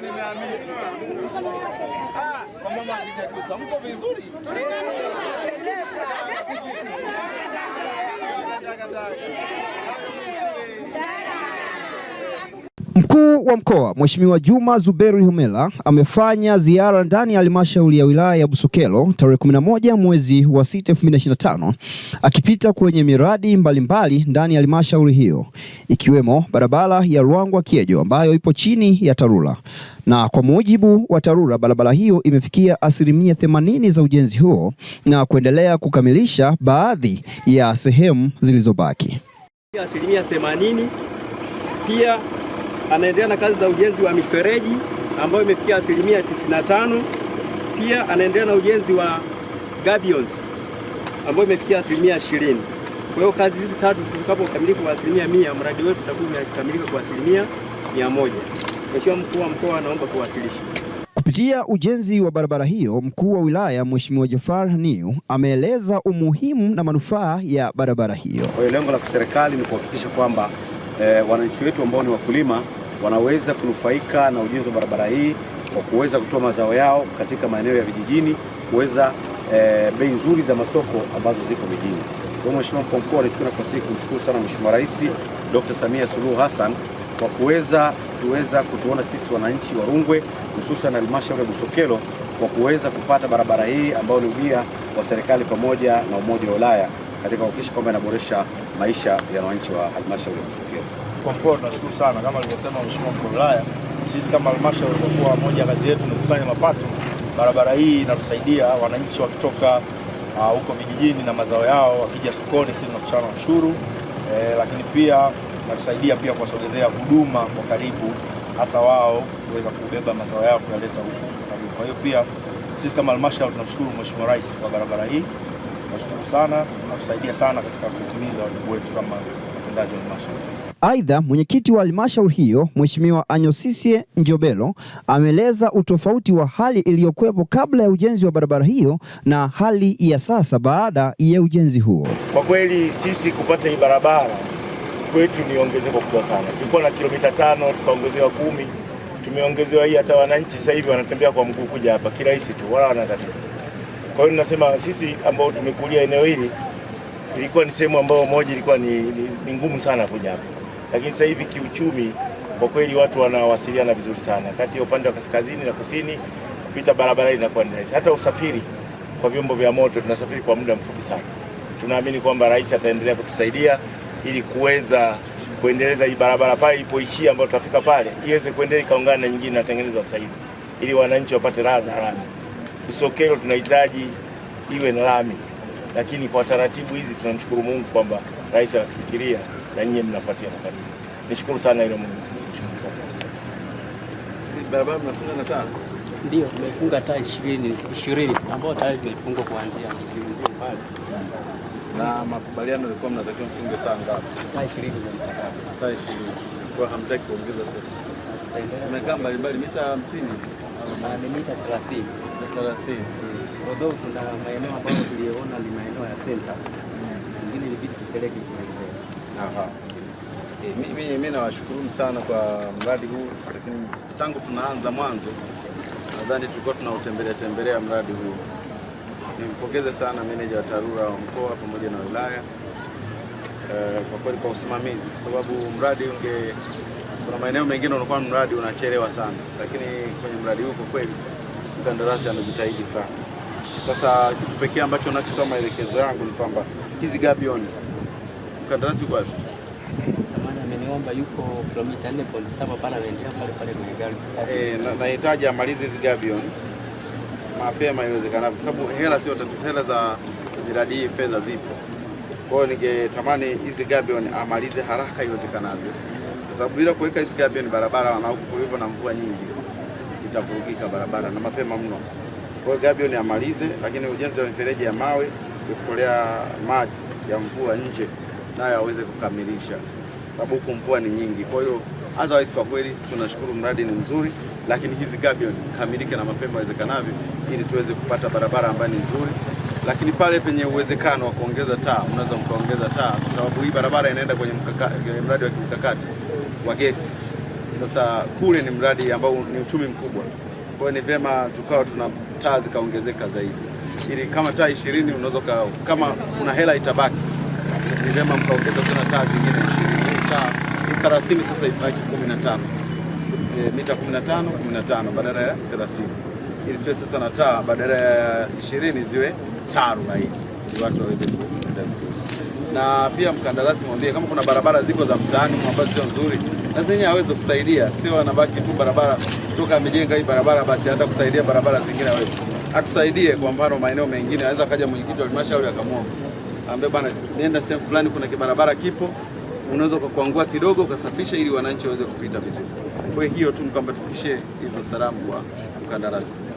nimeamini. Ah, kwa mama alijagusa, mko vizuri? Daga daga daga. Mkuu wa Mkoa Mheshimiwa Juma Zuberi homela amefanya ziara ndani ya halmashauri ya wilaya ya Busokelo tarehe 11 mwezi wa 6 2025, akipita kwenye miradi mbalimbali mbali ndani ya halmashauri hiyo ikiwemo barabara ya Ruangwa Kiejo ambayo ipo chini ya TARURA na kwa mujibu wa TARURA barabara hiyo imefikia asilimia themanini za ujenzi huo na kuendelea kukamilisha baadhi ya sehemu zilizobaki asilimia themanini pia anaendelea na kazi za ujenzi wa mifereji ambayo imefikia asilimia 95. Pia anaendelea na ujenzi wa gabions ambayo imefikia asilimia 20. Kwa hiyo kazi hizi tatu zitakapokamilika kwa asilimia mia, mradi wetu utakuwa umekamilika kwa asilimia mia moja. Mheshimiwa Mkuu wa Mkoa anaomba kuwasilisha. Kupitia ujenzi wa barabara hiyo, Mkuu wa Wilaya Mheshimiwa Jafar Niu ameeleza umuhimu na manufaa ya barabara hiyo. Kwa hiyo lengo la serikali ni kuhakikisha kwamba eh, wananchi wetu ambao ni wakulima wanaweza kunufaika na ujenzi wa barabara hii kwa kuweza kutoa mazao yao katika maeneo ya vijijini kuweza e, bei nzuri za masoko ambazo ziko mijini. Kwa Mheshimiwa Mkuu wa Mkoa, nichukue nafasi hii kumshukuru sana Mheshimiwa Rais Dr. Samia Suluhu Hassan kwa kuweza tuweza kutuona sisi wananchi wa Rungwe hususan halmashauri ya Busokelo kwa kuweza kupata barabara hii ambayo ni ubia wa serikali pamoja na Umoja wa Ulaya katika kuhakikisha kwamba inaboresha maisha ya wananchi wa halmashauri ya Busokelo. Kwa kweli tunashukuru sana, kama alivyosema mheshimiwa mkuu wa wilaya, sisi kama halmashauri kwa moja kazi yetu ni kusanya mapato. Barabara hii inatusaidia wananchi wakitoka ah, huko uh, vijijini na mazao yao, wakija sokoni, sisi na ushuru eh, lakini pia natusaidia pia kuwasogezea huduma kwa karibu, hata wao kuweza kubeba mazao yao kuyaleta huko. Kwa hiyo pia sisi kama halmashauri tunamshukuru Mheshimiwa Rais kwa barabara hii tunashukuru sana na sana katika kutimiza wajibu wetu kama watendaji wa halmashauri. Aidha, mwenyekiti wa halmashauri hiyo Mheshimiwa Anyosisie Njobelo ameeleza utofauti wa hali iliyokuwepo kabla ya ujenzi wa barabara hiyo na hali ya sasa baada ya ujenzi huo. Kwa kweli sisi kupata hii barabara kwetu ni ongezeko kubwa sana. Tulikuwa na kilomita tano tukaongezewa kumi, tumeongezewa hii. Hata wananchi sasa hivi wanatembea kwa mguu kuja hapa kirahisi tu, wala wana tatizo kwa hiyo nasema sisi ambao tumekulia eneo hili ilikuwa ni sehemu ambayo moja ilikuwa ni, ni, ni ngumu sana kuja hapa, lakini sasa hivi kiuchumi kwa kweli watu wanawasiliana vizuri sana kati ya upande wa kaskazini na kusini, kupita barabara inakuwa ni rahisi. Hata usafiri kwa vyombo vya moto tunasafiri kwa muda mfupi sana. Tunaamini kwamba rais ataendelea kutusaidia ili kuweza kuendeleza hii barabara pale ilipoishia ambayo tutafika pale iweze kuendelea ikaungana na nyingine natengenezwa sasa hivi ili wananchi wapate raha za haraka. Isokelo tunahitaji iwe na lami, lakini kwa taratibu hizi tunamshukuru Mungu kwamba rais anatufikiria na nyinyi mnafuatia na karibu. Nishukuru sana ile Mungu. Ndio, tumefunga taa 20 20 ambao tayari zimefungwa kuanzia mzimu pale. Na makubaliano yalikuwa mnatakiwa mfunge taa ngapi? Taa 20 zilitaka. Taa 20. Kwa hamtaki kuongeza tena. Tumekaa mbalimbali mita 50 milimita 30 30, although kuna maeneo ambayo tuliona ni maeneo ya centers, ingine ilibidi tupeleke aha. Mimi nawashukuru sana kwa mradi huu, lakini tangu tunaanza mwanzo nadhani tulikuwa tunautembelea tembelea mradi huu. Nimpongeze sana meneja wa TARURA wa mkoa pamoja na wilaya eh, kwa kweli kwa usimamizi, kwa sababu mradi unge kuna maeneo mengine unakuwa mradi unachelewa sana, lakini kwenye mradi huu kwa kweli mkandarasi amejitahidi sana. Sasa kitu pekee ambacho nachotoa maelekezo yangu ni kwamba hizi gabioni, mkandarasi yuko wapi? Ameniomba yuko kilomita 4.7 pale, anaendelea pale pale kwenye gari. Eh, nahitaji amalize hizi gabioni mapema iwezekanavyo, kwa sababu hela sio tatizo, hela za miradi hii fedha zipo. Kwa hiyo ningetamani hizi gabioni amalize haraka iwezekanavyo sababu bila kuweka hizi gabion barabara na huku kulivyo na mvua nyingi itavurugika barabara na mapema mno. Kwa hiyo gabion amalize, lakini ujenzi wa mifereji ya mawe kukolea maji ya mvua nje nayo aweze kukamilisha, sababu huku mvua ni nyingi. Kwa hiyo otherwise, kwa kweli tunashukuru, mradi ni mzuri, lakini hizi gabion zikamilike na mapema iwezekanavyo, ili tuweze kupata barabara ambayo ni nzuri lakini pale penye uwezekano wa kuongeza taa unaweza mkaongeza taa, kwa sababu hii barabara inaenda kwenye mradi wa kimkakati wa gesi. Sasa kule ni mradi ambao ni uchumi mkubwa, kwa hiyo ni vyema tukawa tuna taa zikaongezeka zaidi, ili kama taa ishirini unaweza kama kuna hela itabaki, ni vyema mkaongeza tena taa zingine ishirini taa thelathini sasa ibaki kumi na tano e, eh, mita kumi na tano kumi na tano badala ya thelathini ili tuwe sasa na taa badala ya ishirini ziwe taa arobaini ili watu waweze kuenda vizuri na pia mkandarasi mwambie kama kuna barabara ziko za mtaani ambazo sio nzuri, na zenye aweze kusaidia, sio anabaki tu barabara toka amejenga hii barabara basi hata kusaidia barabara zingine aweze atusaidie. Kwa mfano maeneo mengine anaweza kaja mwenyekiti wa halmashauri akamwomba, ambe bana, nenda sehemu fulani, kuna kibarabara kipo, unaweza ukakwangua kidogo ukasafisha, ili wananchi waweze kupita vizuri. Kwa hiyo tu kwamba tufikishie hizo salamu kwa mkandarasi.